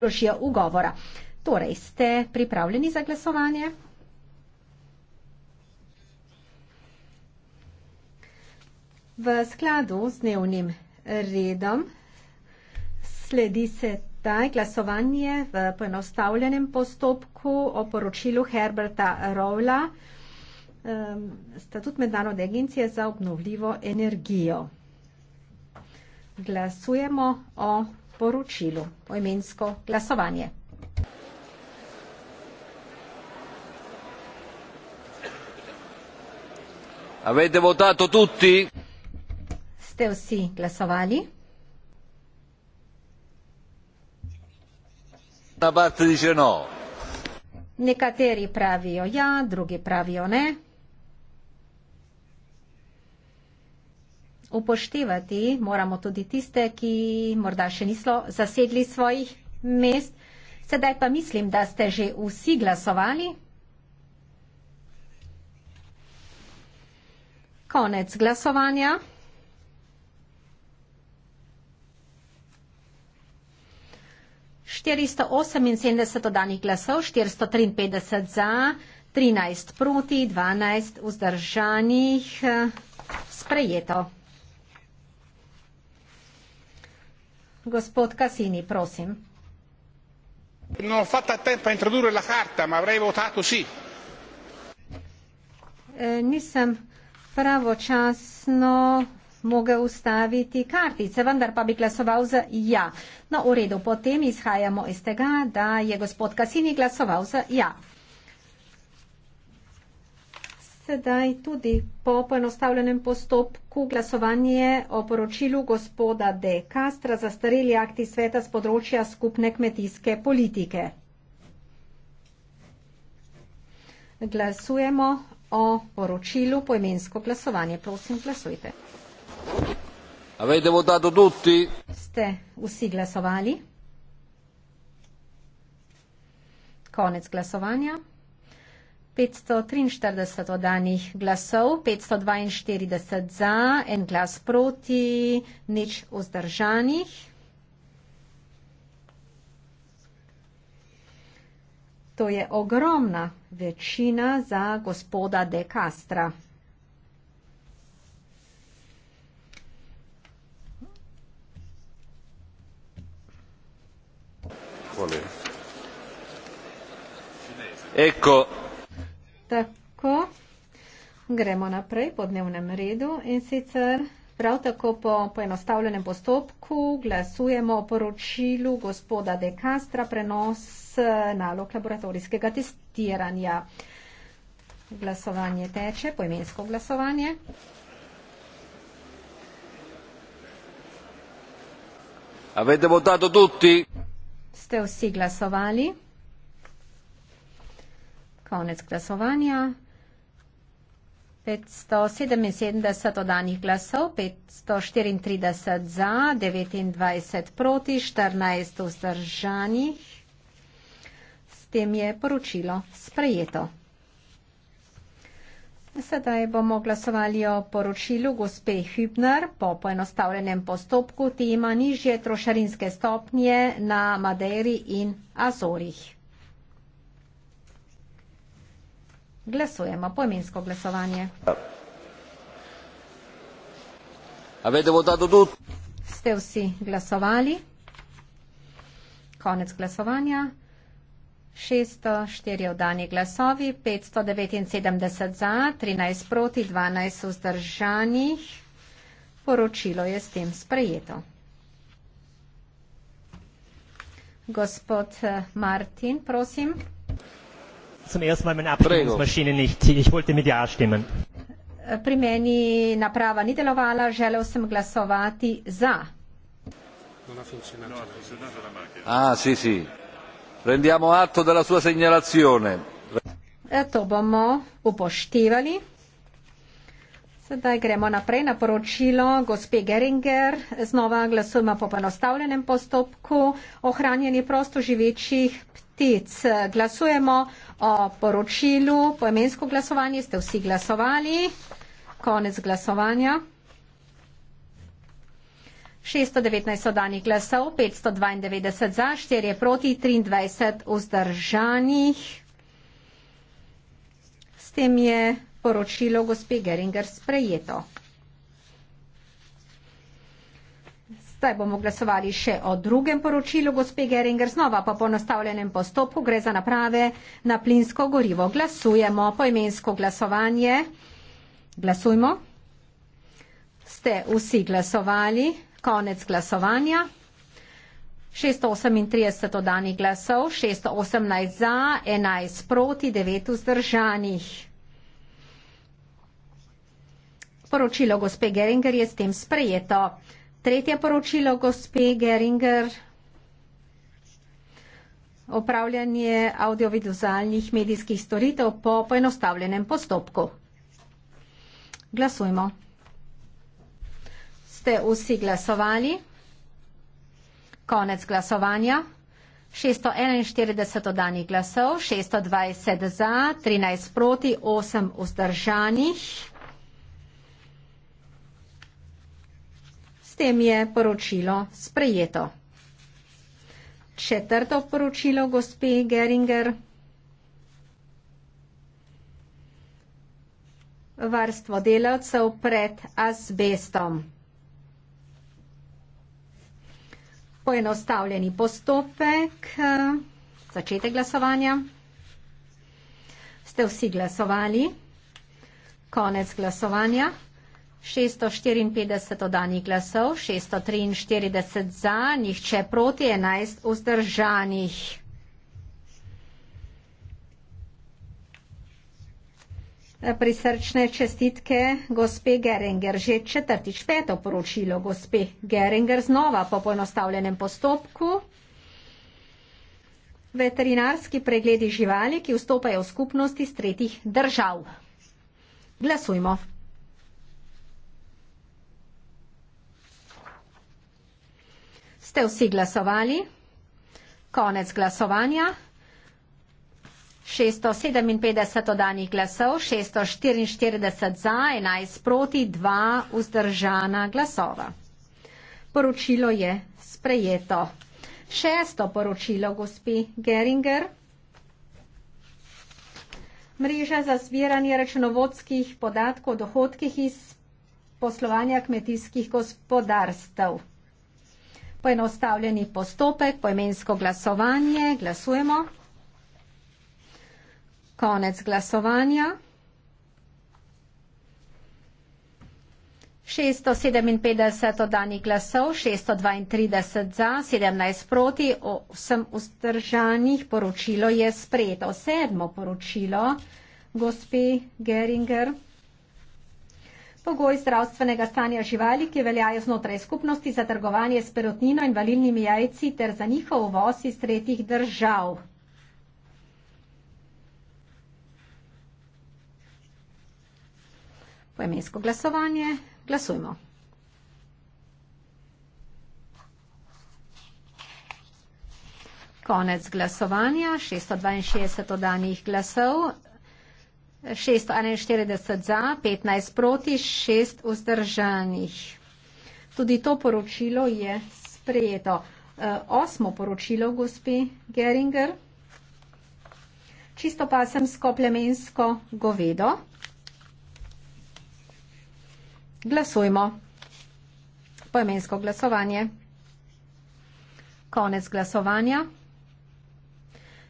Rošijo ugovora. Torej, ste pripravljeni za glasovanje? V skladu z dnevnim redom sledi se taj glasovanje v poenostavljenem postopku o poročilu Herberta Rowla, ehm, statut Mednarodne agencije za obnovljivo energijo. Glasujemo o poročilu. Poimensko glasovanje. Avete votato tutti? Ste vsi glasovali? Na parte dice no. Nekateri pravijo ja, drugi pravijo ne. upoštevati moramo tudi tiste, ki morda še niso zasedli svojih mest. Sedaj pa mislim, da ste že vsi glasovali. Konec glasovanja. Štiristo oseminsedemdeset oddanih glasov, štiristo triinpetdeset za, trinajst proti, dvanajst vzdržanih, sprejeto. Gospod Cassini, prosim. Non ho fatto a tempo a introdurre la carta, ma avrei votato sì. Eh, nisem pravočasno mogel ustaviti kartice, vendar pa bi glasoval za ja. No, v redu, potem izhajamo iz tega, da je gospod Kasini glasoval za ja sedaj tudi po poenostavljenem postopku glasovanje o poročilu gospoda De Castra za stareli akti sveta z področja skupne kmetijske politike. Glasujemo o poročilu poimensko glasovanje. Prosim, glasujte. Avete votato tutti? Ste vsi glasovali? Konec glasovanja. 543 oddanih glasov, 542 za, en glas proti, nič vzdržanih. To je ogromna večina za gospoda De Castra. Ecco, Tako, gremo naprej po dnevnem redu in sicer prav tako po poenostavljenem postopku glasujemo o poročilu gospoda De Castra prenos eh, nalog laboratorijskega testiranja. Glasovanje teče, poimensko glasovanje. Avete votato tutti? Ste vsi glasovali? Konec glasovanja. 577 odanih glasov, 534 za, 29 proti, 14 vzdržanih. S tem je poročilo sprejeto. Sedaj bomo glasovali o poročilu gospe Hübner po poenostavljenem postopku tema nižje trošarinske stopnje na Madeiri in Azorih. Glasujemo poimensko glasovanje. Ste vsi glasovali? Konec glasovanja. 604 vdani glasovi, 579 za, 13 proti, 12 vzdržanih. Poročilo je s tem sprejeto. Gospod eh, Martin, prosim zum ersten Mal meine Abstimmungsmaschine Prego. nicht. Ich wollte mit Ja stimmen. Pri meni naprava ni delovala, želel sem glasovati za. Ah, sì, sì. E to bomo upoštevali. Sedaj gremo naprej na poročilo gospe Geringer. Znova glasujemo po ponostavljenem postopku ohranjeni prosto živečih ptic. Glasujemo o poročilu, poemensko glasovanje ste vsi glasovali. Konec glasovanja. 619 so danih glasov, 592 za, 4 proti, 23 vzdržanih. S tem je poročilo gospe Geringer sprejeto. Zdaj bomo glasovali še o drugem poročilu gospe Geringer, znova po ponostavljenem postopku gre za naprave na plinsko gorivo. Glasujemo poimensko glasovanje. Glasujmo. Ste vsi glasovali. Konec glasovanja. 638 odanih glasov, 618 za, 11 proti, 9 vzdržanih. Poročilo gospe Geringer je s tem sprejeto. Tretje poročilo gospe Geringer. Opravljanje audiovizualnih medijskih storitev po poenostavljenem postopku. Glasujmo. Ste vsi glasovali? Konec glasovanja. 641 danih glasov, 620 za, 13 proti, 8 vzdržanih. tem je poročilo sprejeto. Četrto poročilo gospe Geringer. Varstvo delavcev pred azbestom. Poenostavljeni postopek. Začete glasovanja. Ste vsi glasovali? Konec glasovanja. 654 oddanih glasov, 643 za, nihče proti, 11 vzdržanih. Prisrčne čestitke gospe Geringer. Že četrtič peto poročilo gospe Geringer znova po poenostavljenem postopku. Veterinarski pregledi živali, ki vstopajo v skupnosti iz tretjih držav. Glasujmo. Ste vsi glasovali? Konec glasovanja. 657 oddanih glasov, 644 za, 11 proti, 2 vzdržana glasova. Poročilo je sprejeto. Šesto poročilo, gospi Geringer. Mreža za zbiranje računovodskih podatkov o dohodkih iz poslovanja kmetijskih gospodarstv poenostavljeni postopek, poemensko glasovanje. Glasujemo. Konec glasovanja. 657 oddanih glasov, 632 za, 17 proti, vsem vzdržanih poročilo je sprejeto. Sedmo poročilo, gospi Geringer pogoji zdravstvenega stanja živali, ki veljajo znotraj skupnosti za trgovanje s perotnino in valilnimi jajci ter za njihov uvoz iz tretjih držav. Poemensko glasovanje. Glasujmo. Konec glasovanja. 662 oddanih glasov 641 za, 15 proti, 6 vzdržanih. Tudi to poročilo je sprejeto. Eh, osmo poročilo, gospi Geringer. Čisto pa sem skoplemensko govedo. Glasujmo. Poemensko glasovanje. Konec glasovanja.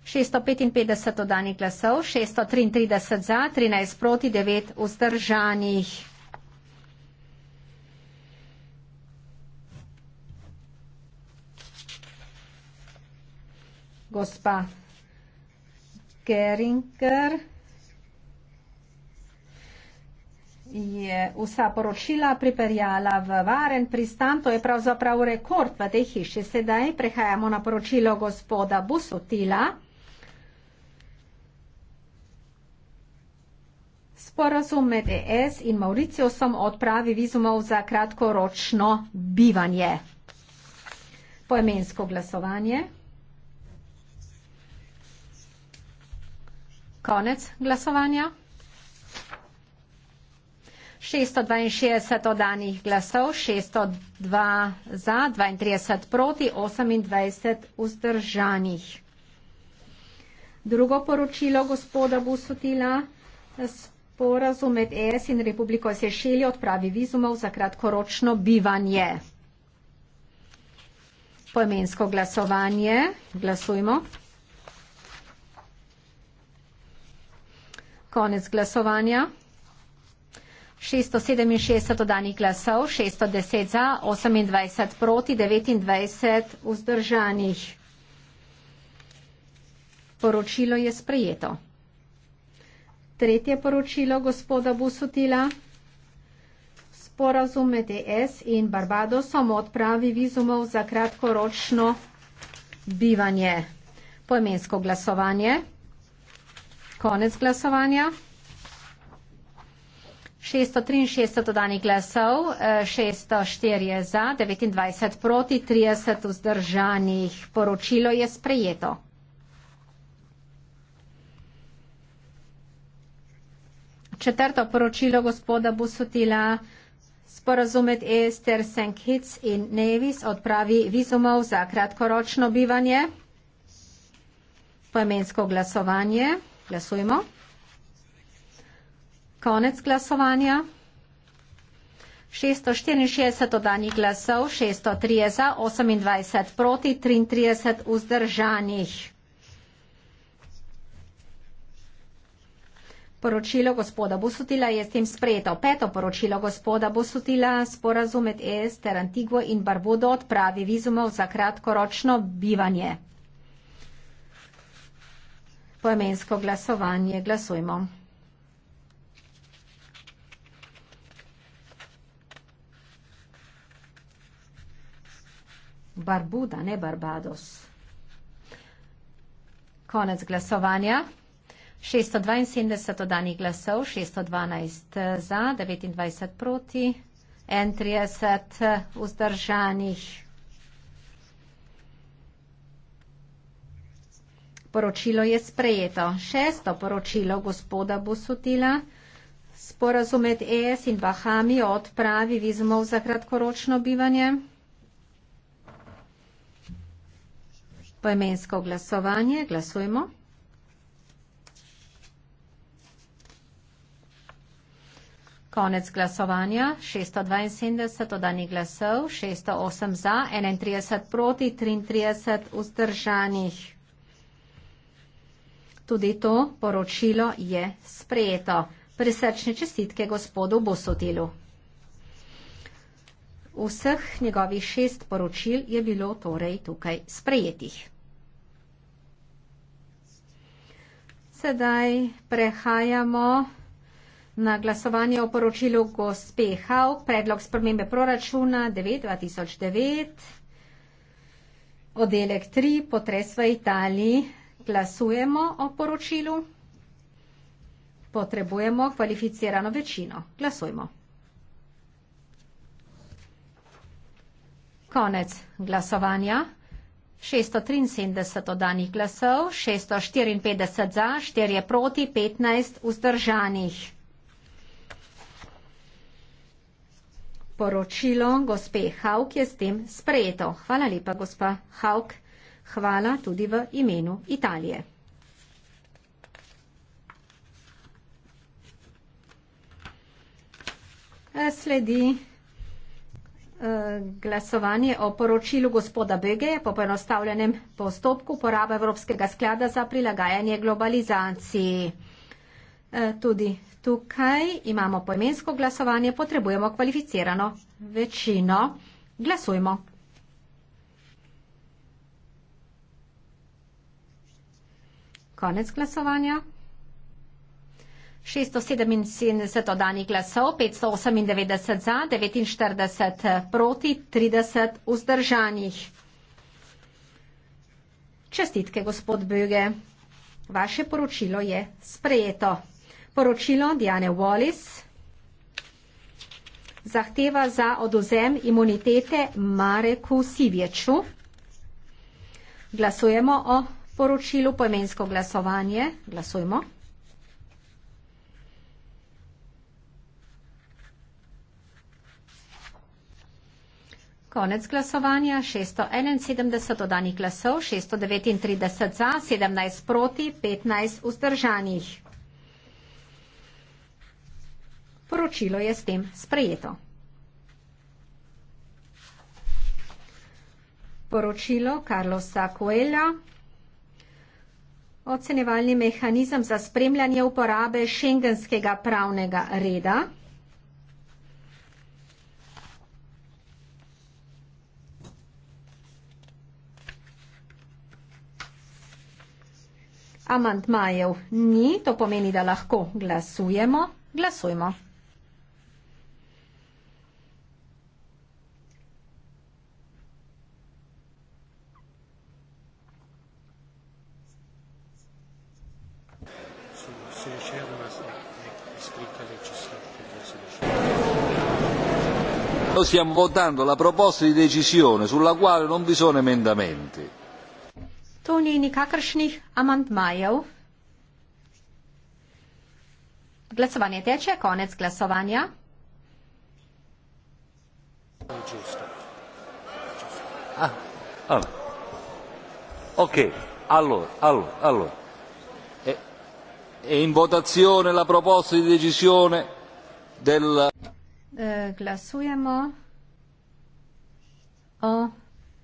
655 oddanih glasov, 633 za, 13 proti, 9 vzdržanih. Gospa Geringer je vsa poročila pripeljala v varen pristan, to je pravzaprav rekord v tej hiši. Sedaj prehajamo na poročilo gospoda Busutila. sporazum med ES in Mauriciusom o odpravi vizumov za kratkoročno bivanje. Poemensko glasovanje. Konec glasovanja. 662 oddanih glasov, 602 za, 32 proti, 28 vzdržanih. Drugo poročilo gospoda Busutila s sporazum med ES in Republiko Sešelje odpravi vizumov za kratkoročno bivanje. Poimensko glasovanje. Glasujmo. Konec glasovanja. 667 dodanih glasov, 610 za, 28 proti, 29 vzdržanih. Poročilo je sprejeto. Tretje poročilo gospoda Busutila. Sporazum med ES in Barbadosom odpravi vizumov za kratkoročno bivanje. Poimensko glasovanje. Konec glasovanja. 663 dodanih glasov, 604 eh, za, 29 proti, 30 vzdržanih. Poročilo je sprejeto. četrto poročilo gospoda Busutila, sporazumet Ester Senkic in Nevis odpravi vizumov za kratkoročno bivanje, poemensko glasovanje. Glasujmo. Konec glasovanja. 664 odanih glasov, 603 za, 28 proti, 33 vzdržanih. Poročilo gospoda Busutila je s tem sprejeto. Peto poročilo gospoda Busutila sporazum med ES ter Antiguo in Barbudo odpravi vizumov za kratkoročno bivanje. Poemensko glasovanje glasujmo. Barbuda, ne Barbados. Konec glasovanja. 672 oddanih glasov, 612 eh, za, 29 proti, 31 eh, vzdržanih. Poročilo je sprejeto. Šesto poročilo gospoda Busutila. Sporazum med ES in Bahami o odpravi vizumov za kratkoročno bivanje. Poimensko glasovanje. Glasujmo. Konec glasovanja. 672 odanih glasov, 608 za, 31 proti, 33 vzdržanih. Tudi to poročilo je sprejeto. Prisrčne čestitke gospodu Bosotilu. Vseh njegovih šest poročil je bilo torej tukaj sprejetih. Sedaj prehajamo. Na glasovanje o poročilu gospe Hau, predlog spremembe proračuna 9-2009, oddelek 3, potres v Italiji. Glasujemo o poročilu. Potrebujemo kvalificirano večino. Glasujmo. Konec glasovanja. 673 oddanih glasov, 654 za, 4 proti, 15 vzdržanih. poročilo gospe Hauk je s tem sprejeto. Hvala lepa, gospa Hauk. Hvala tudi v imenu Italije. Sledi eh, glasovanje o poročilu gospoda Bege po poenostavljenem postopku poraba Evropskega sklada za prilagajanje globalizaciji. E, tudi tukaj imamo poimensko glasovanje, potrebujemo kvalificirano večino. Glasujmo. Konec glasovanja. 677 odanih glasov, 598 za, 49 proti, 30 vzdržanih. Čestitke, gospod Böge. Vaše poročilo je sprejeto. Poročilo Diane Wallace zahteva za odozem imunitete Mareku Sivječu. Glasujemo o poročilu poimensko glasovanje. Glasujemo. Konec glasovanja, 671 dodanih glasov, 639 za, 17 proti, 15 vzdržanih. Poročilo je s tem sprejeto. Poročilo Karlosa Coelha. Ocenevalni mehanizem za spremljanje uporabe šengenskega pravnega reda. Amantmajev ni, to pomeni, da lahko glasujemo. Glasujmo. stiamo votando la proposta di decisione sulla quale non vi sono emendamenti. Glasovanje teče, konec glasovanja. Ah, ah. Ok, allora, allora, allora. È, e, è e in votazione la proposta di decisione del. Eh, glasujemo o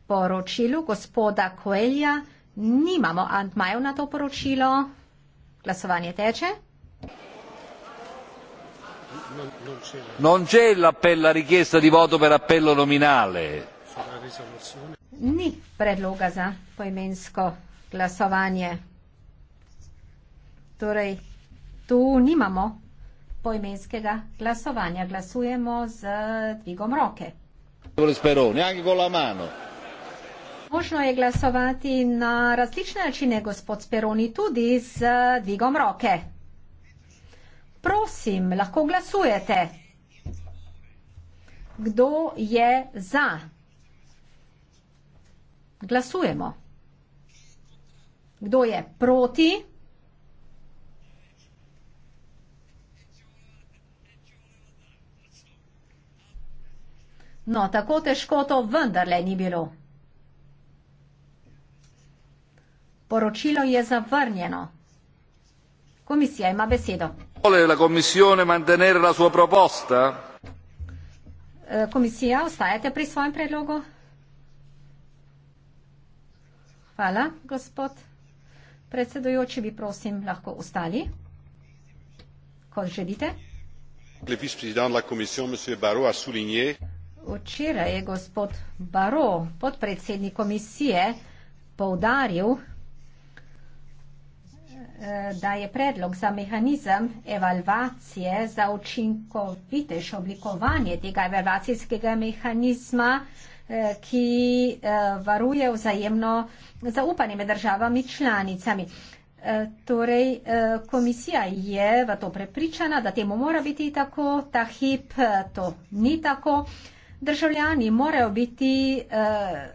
poročilu gospoda Koelja. Nimamo antmajev na to poročilo. Glasovanje teče. Non c'è l'appello, la richiesta di voto per appello nominale. Ni predloga za poimensko glasovanje. Torej, tu nimamo poimenskega glasovanja. Glasujemo z dvigom roke. Možno je glasovati na različne načine, gospod Speroni, tudi z dvigom roke. Prosim, lahko glasujete. Kdo je za? Glasujemo. Kdo je proti? No, tako težko to vendarle ni bilo. Poročilo je zavrnjeno. Komisija ima besedo. Vole la komisione mantenere la sua proposta? Eh, komisija, ostajate pri svojem predlogu? Hvala, gospod predsedujoči, bi prosim lahko ostali, kot želite. Le vice-président de la Commission, M. Barrault, a souligné. Včeraj je gospod Baro, podpredsednik komisije, poudaril, eh, da je predlog za mehanizem evalvacije za učinkovitejše oblikovanje tega evalvacijskega mehanizma, eh, ki eh, varuje vzajemno zaupanje med državami članicami. Torej, komisija je v to prepričana, da temu mora biti tako, ta hip to ni tako državljani morajo biti eh,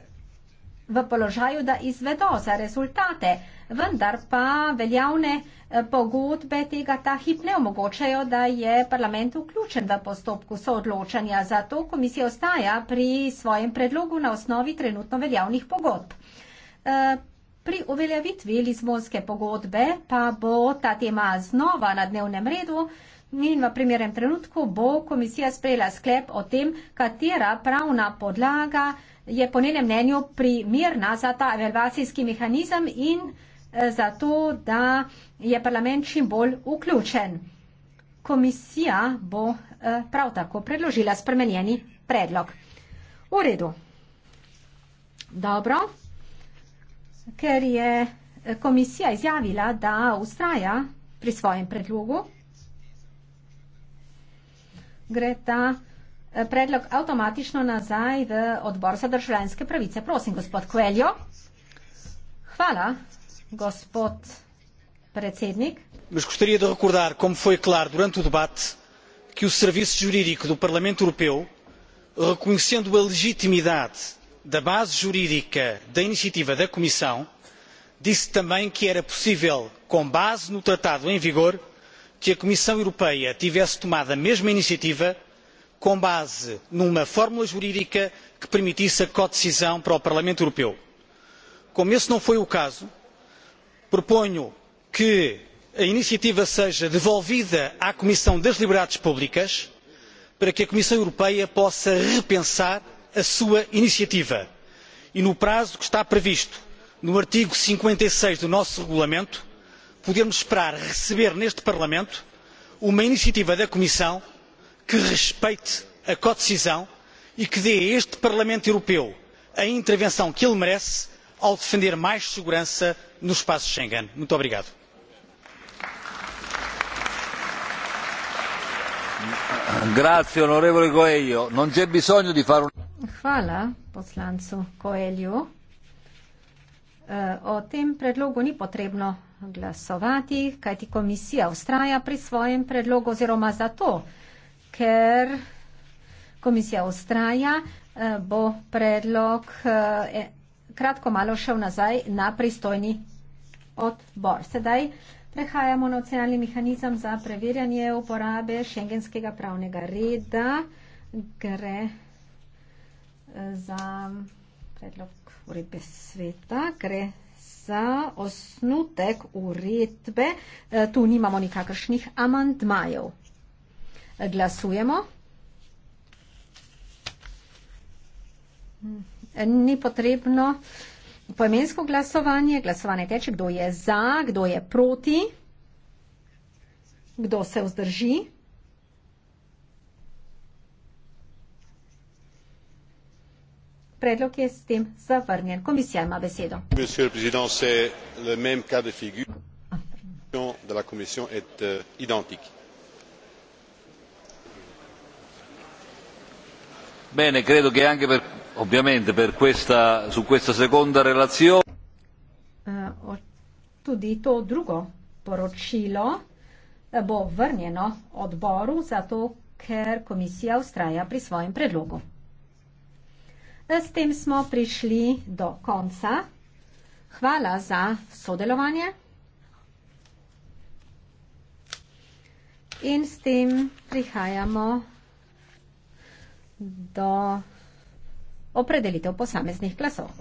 v položaju, da izvedo za rezultate, vendar pa veljavne eh, pogodbe tega ta hip ne omogočajo, da je parlament vključen v postopku soodločanja. Zato komisija ostaja pri svojem predlogu na osnovi trenutno veljavnih pogodb. Eh, pri uveljavitvi Lizbonske pogodbe pa bo ta tema znova na dnevnem redu. In v primerem trenutku bo komisija sprejela sklep o tem, katera pravna podlaga je po njenem mnenju primerna za ta evalvacijski mehanizem in eh, za to, da je parlament čim bolj vključen. Komisija bo eh, prav tako predložila spremenjeni predlog. V redu. Dobro. Ker je eh, komisija izjavila, da ustraja pri svojem predlogu, gre ta eh, predlog avtomatično nazaj v odbor za državljanske pravice. Prosim, gospod Kveljo. Hvala, gospod predsednik. Mas gostaria de recordar, como foi claro durante o debate, que o Serviço Jurídico do Parlamento Europeu, reconhecendo a legitimidade da base jurídica da iniciativa da Comissão, disse também que era possível, com base no tratado em vigor, que a comissão europeia tivesse tomado a mesma iniciativa com base numa fórmula jurídica que permitisse a codecisão para o parlamento europeu. como esse não foi o caso proponho que a iniciativa seja devolvida à comissão das liberdades públicas para que a comissão europeia possa repensar a sua iniciativa e no prazo que está previsto no artigo cinquenta e seis do nosso regulamento podermos esperar receber neste parlamento uma iniciativa da comissão que respeite a codecisão e que dê a este parlamento europeu a intervenção que ele merece ao defender mais segurança no espaço schengen. muito obrigado. Grazie, onorevole Coelho. Non c'è bisogno di fare un... Hvala, poslancu Coelho. Uh, eh, o tem predlogu ni potrebno glasovati, kajti komisija ustraja pri svojem predlogu oziroma zato, ker komisija ustraja, eh, bo predlog eh, kratko malo šel nazaj na pristojni odbor. Sedaj prehajamo na ocenalni mehanizem za preverjanje uporabe šengenskega pravnega reda. Gre eh, za predlog uredbe sveta, gre za osnutek uredbe. Eh, tu nimamo nikakršnih amantmajev. Glasujemo. Hmm. Ni potrebno poimensko glasovanje. Glasovanje teče, kdo je za, kdo je proti, kdo se vzdrži. Glasujemo. Predlog je s tem zavrnjen. Komisija ima besedo. Ah, euh, Bene, credo che anche per, ovviamente per questa, su questa seconda relazione. Eh, tudi to drugo poročilo eh, bo vrnjeno odboru, zato ker komisija ustraja pri svojem predlogu. S tem smo prišli do konca. Hvala za sodelovanje. In s tem prihajamo do opredelitev posameznih glasov.